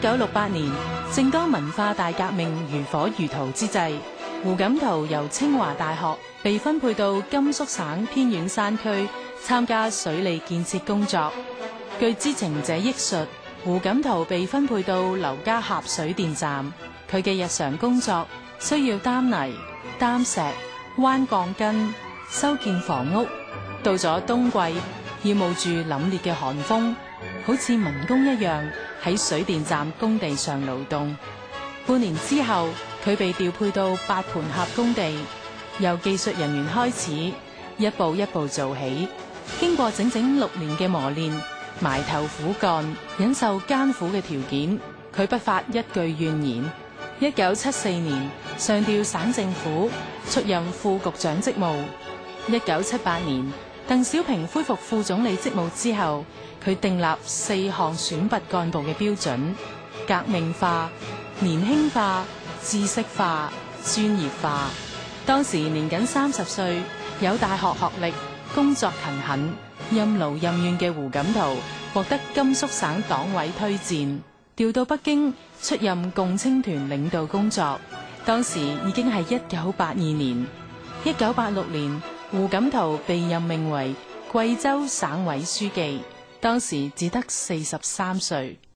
一九六八年，正當文化大革命如火如荼之際，胡錦濤由清華大學被分配到甘肅省偏遠山區參加水利建設工作。據知情者憶述，胡錦濤被分配到劉家峽水電站，佢嘅日常工作需要擔泥、擔石、彎鋼筋、修建房屋，到咗冬季要冒住凜冽嘅寒風。好似民工一樣喺水電站工地上勞動。半年之後，佢被調配到八盤峽工地，由技術人員開始，一步一步做起。經過整整六年嘅磨練，埋頭苦幹，忍受艱苦嘅條件，佢不發一句怨言。一九七四年，上調省政府出任副局長職務。一九七八年。鄧小平恢復副總理職務之後，佢訂立四項選拔幹部嘅標準：革命化、年輕化、知識化、專業化。當時年僅三十歲，有大學學歷，工作勤懇，任勞任怨嘅胡錦濤獲得甘肅省黨委推薦，調到北京出任共青團領導工作。當時已經係一九八二年，一九八六年。胡錦濤被任命為貴州省委書記，當時只得四十三歲。